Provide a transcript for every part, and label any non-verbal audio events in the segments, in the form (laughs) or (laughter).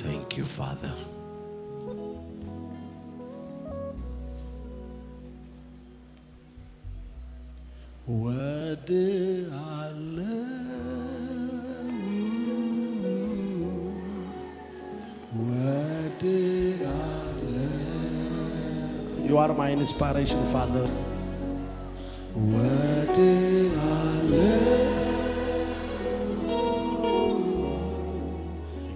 Thank you, Father. Where did I learn? Where did I learn? You are my inspiration, Father. Where did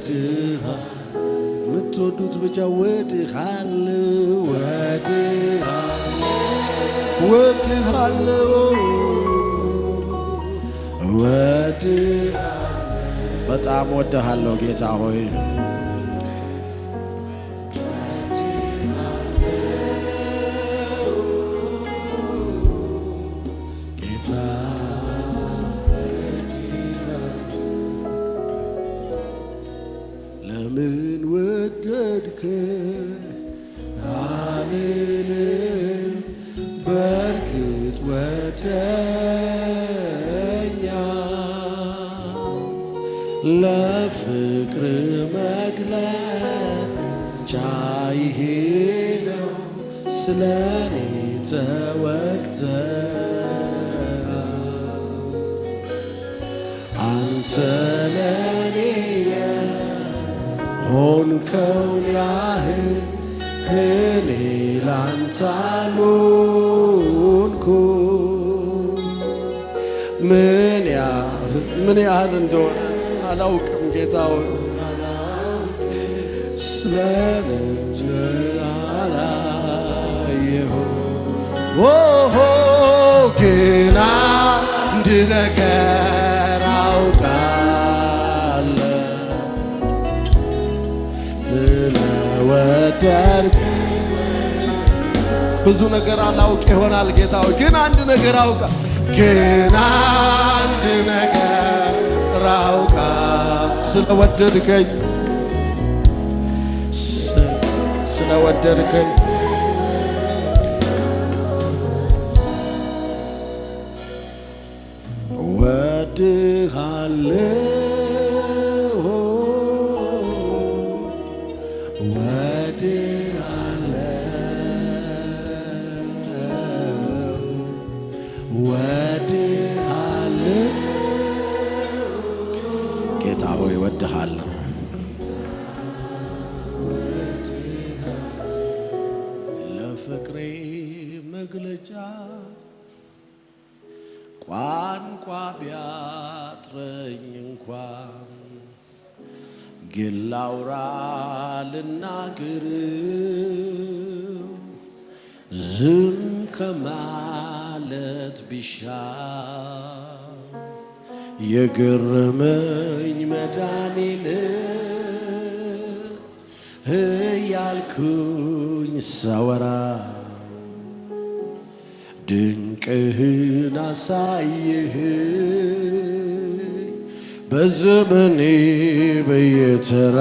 ወድሃል የምትወዱት ብቻ ወድሃል ወድሃል ወድሃል በጣም ወድሃለሁ ጌታ ሆይ أنت وقتها أنت لني هون كون ياهل هني ምን ያህል ምን ያህል እንደሆነ አላውቅም ጌታ ሆይ ሆ ግን አንድ ነገር አውቃለሁ ስለወደድክ ብዙ ነገር አላውቅ ይሆናል ጌታ ግን አንድ ነገር አውቃ ግን አንድ ነገር አውቃ ስለወደድከኝ ስለወደድከኝ የፍቅሬ መግለጫ ቋንቋ ቢያጥረኝ እንኳን ግን ላውራ ልናገር ዝም ከማለት ቢሻ የገረመኝ መዳኔን እያልኩ ሳወራ ድንቅህን አሳይህ በዘመኔ በየተራ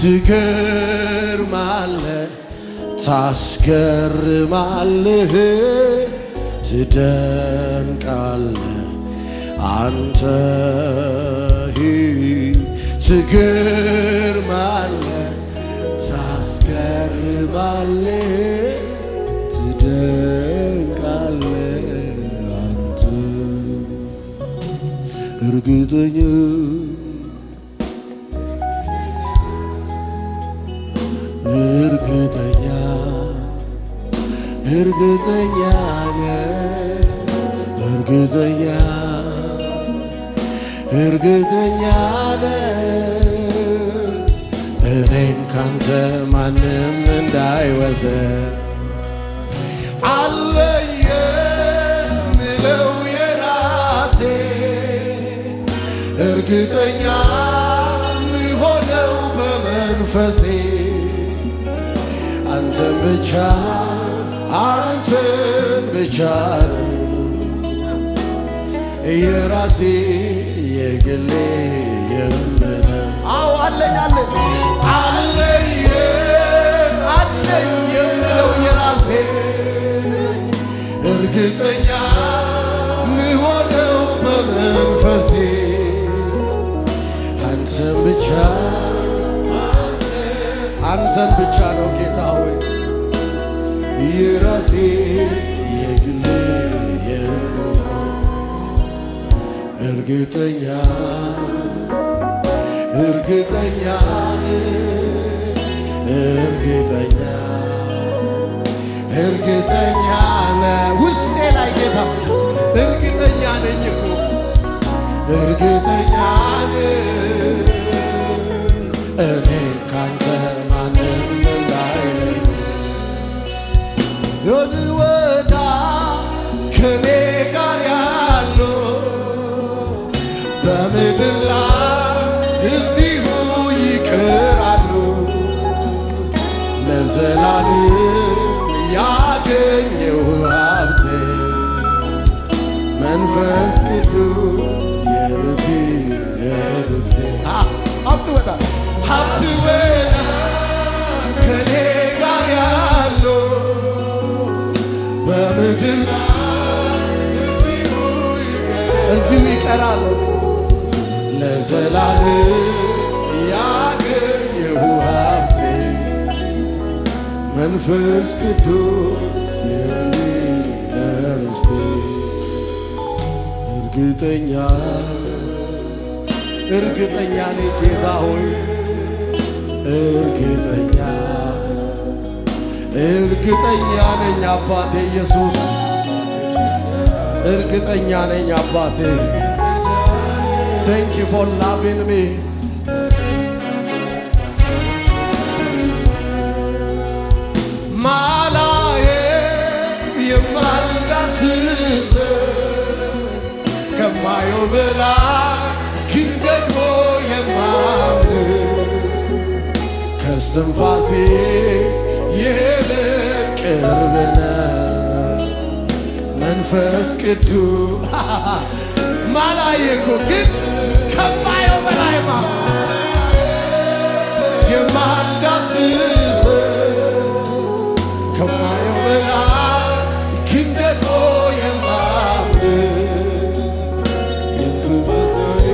ትገርማለ ታስገርማልህ ትደንቃለ አንተ ትገ ባለ ትደንቃለ አንተ እርግጠኛ እርግጠኛ እርግጠኛ እርግጠኛ እርግጠኛ ህይወቴን ካንተ ማንም እንዳይወዘ አለየ ምለው የራሴ እርግጠኛ ምሆነው በመንፈሴ አንተን ብቻ አንተን ብቻ የራሴ የግሌ አለኝ አለኝ አለኝ አለኝ የምለው የራሴ እርግጠኛ ምሆነው በመንፈሴ አንተን ብቻ አንተን ብቻ ነው ጌታ ሆይ የራሴ የግሌ የምለው እርግጠኛ እርግጠኛ እርግጠኛ ውስጤ ላይ ጌታ እርግጠኛ ነኝ እርግጠኛ እኔ እዚሁ ይቀራል ለዘላለም ያገኘሁ ሀብቴ መንፈስ ቅዱስ የሚነርስቴ እርግጠኛ እርግጠኛ ነኝ ጌታ ሆይ እርግጠኛ እርግጠኛ ነኝ አባቴ ኢየሱስ እርግጠኛ ነኝ አባቴ ቴንኪ ዩ ፎር ላቪን ሚ ማላዬ የማልዳስስ ከማየው በላይ ግን ደግሞ የማምን ከስትንፋሴ የልቅር መንፈስ ቅዱስ (laughs) ማላየኩ ግን ከማየው በላይማ የማዳስስ ከማየው በላይ ክንደቆ የማምድ የትዛሬ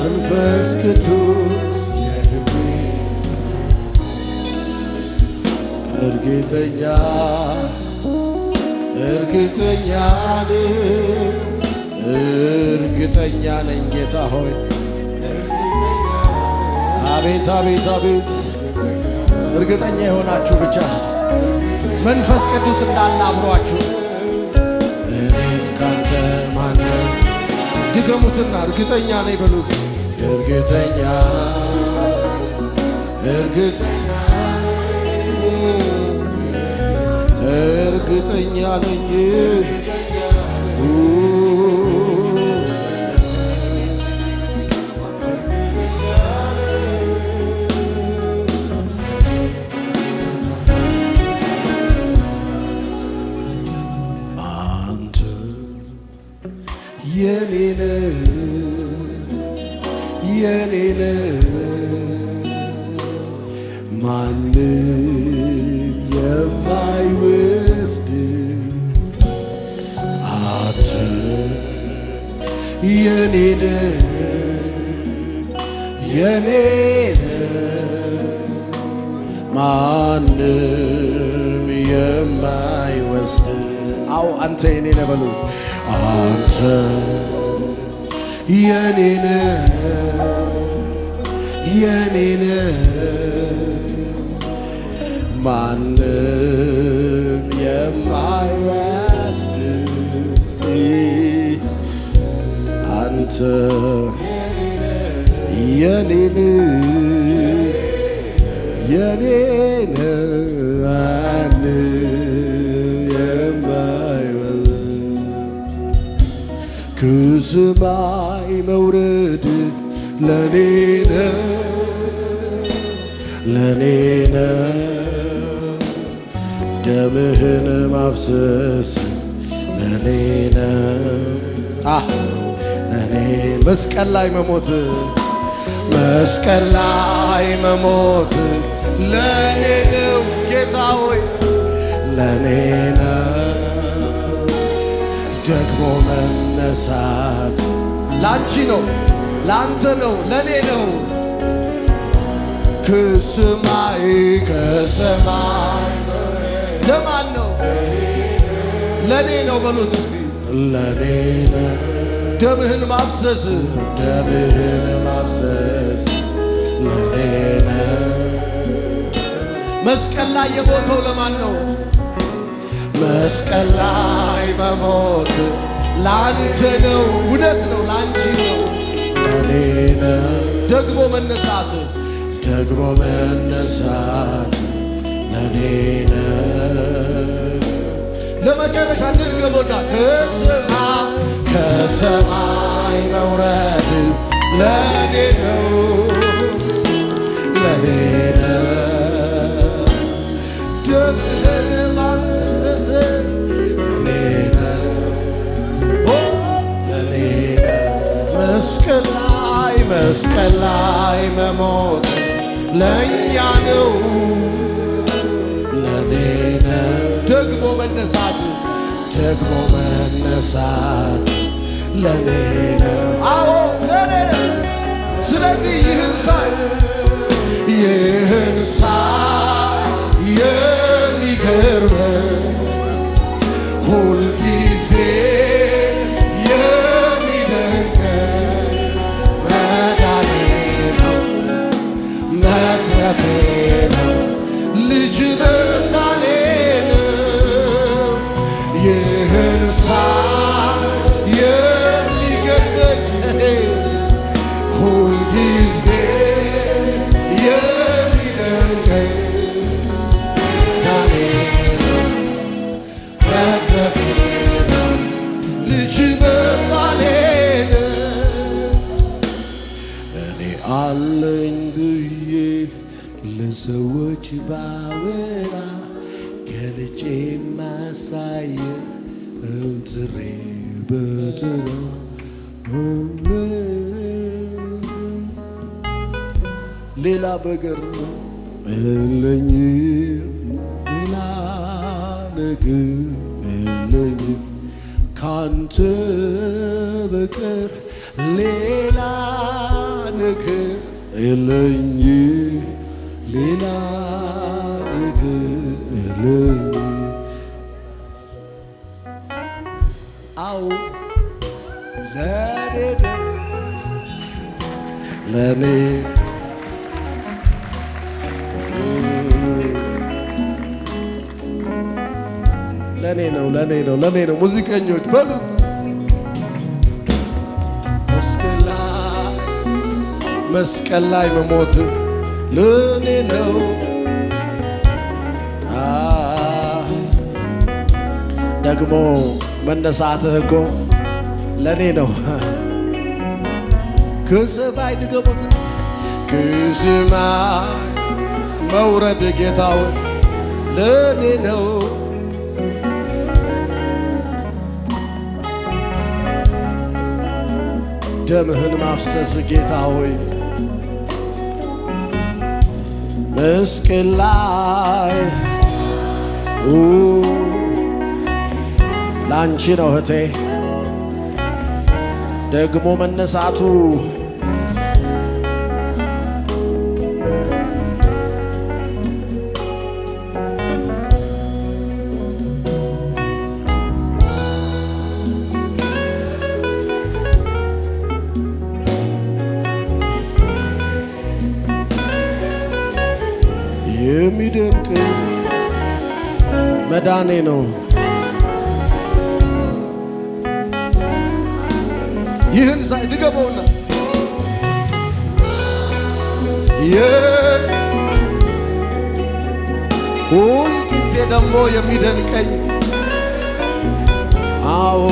መንፈስ ቅዱስ እርግጠኛ እርግጠኛ እርግጠኛ ነኝ ጌታ ሆይ አቤት አቤት አቤት እርግጠኛ የሆናችሁ ብቻ መንፈስ ቅዱስ እንዳለ አብሯችሁ እኔም ካንተ ማነ ድገሙትና እርግጠኛ ነኝ በሉ እርግጠኛ እርግጠኛ እርግጠኛ ነኝ የኔነ የኔነ ማንም የማይው የኔ የኔ ማንም የማይወስድ አው አንተ የኔ ነህ በሉ አንተ የኔ ነህ የኔ ነህ ማንም የኔን የኔን አል የማይበዝ ከሰማይ መውረድ ለኔ ነው ለኔ ነው ደምህን ማፍሰስ ለኔ ነው ለኔ መስቀል ላይ መሞት መስቀል ላይ መሞት ለኔ ነው ጌታ ሆይ ለኔ ነው ደግሞ መነሳት ላንቺ ነው ላንተ ነው ለኔ ነው ከሰማይ ከሰማይ ለማን ነው ለኔ ነው በሉት ለኔ ነው ደምህን ማፍሰስ ደምህን ማፍሰስ ለኔነ መስቀል ላይ የሞተው ለማን ነው? መስቀል ላይ በሞት ላንተ ነው። እውነት ነው፣ ላንቺ ነው፣ ለኔነ ደግሞ መነሳት ደግሞ መነሳት ለኔነ ለመጨረሻ ድል ገቦና ከሰማይ መውረድ ለኔ ነው ለኔ መስቀል ላይ መሞት ለእኛ ነው ለኔ ነው ደግሞ መነሳት ደግሞ መነሳት ለኔ ነው። አዎ ለኔ ነው። ስለዚህ ይህን ሳይ ይህን ሳይ ሌላ በገር የለኝ ሌላ ነገር የለኝም ካንተ በቀር ሌላ ነገር የለኝም ሌላ ነገር የለኝም። አዎ ለኔ ለኔ ለኔ ነው ለኔ ነው ለኔ ነው። ሙዚቀኞች በሉት መስቀል ላይ መሞት ለኔ ነው። ደግሞ መነሳትህ እኮ ለኔ ነው። ከሰማይ ድገሙት ከሰማይ መውረድ ጌታው ለኔ ነው። ደምህን ማፍሰስ ጌታ ሆይ መስቀል ላይ ላንቺ ነው እህቴ ደግሞ መነሳቱ የሚደንቅ መዳኔ ነው። ይህን ሳይ ድገመውና ሁል ጊዜ ደግሞ የሚደንቀኝ አዎ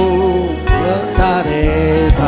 መዳኔታ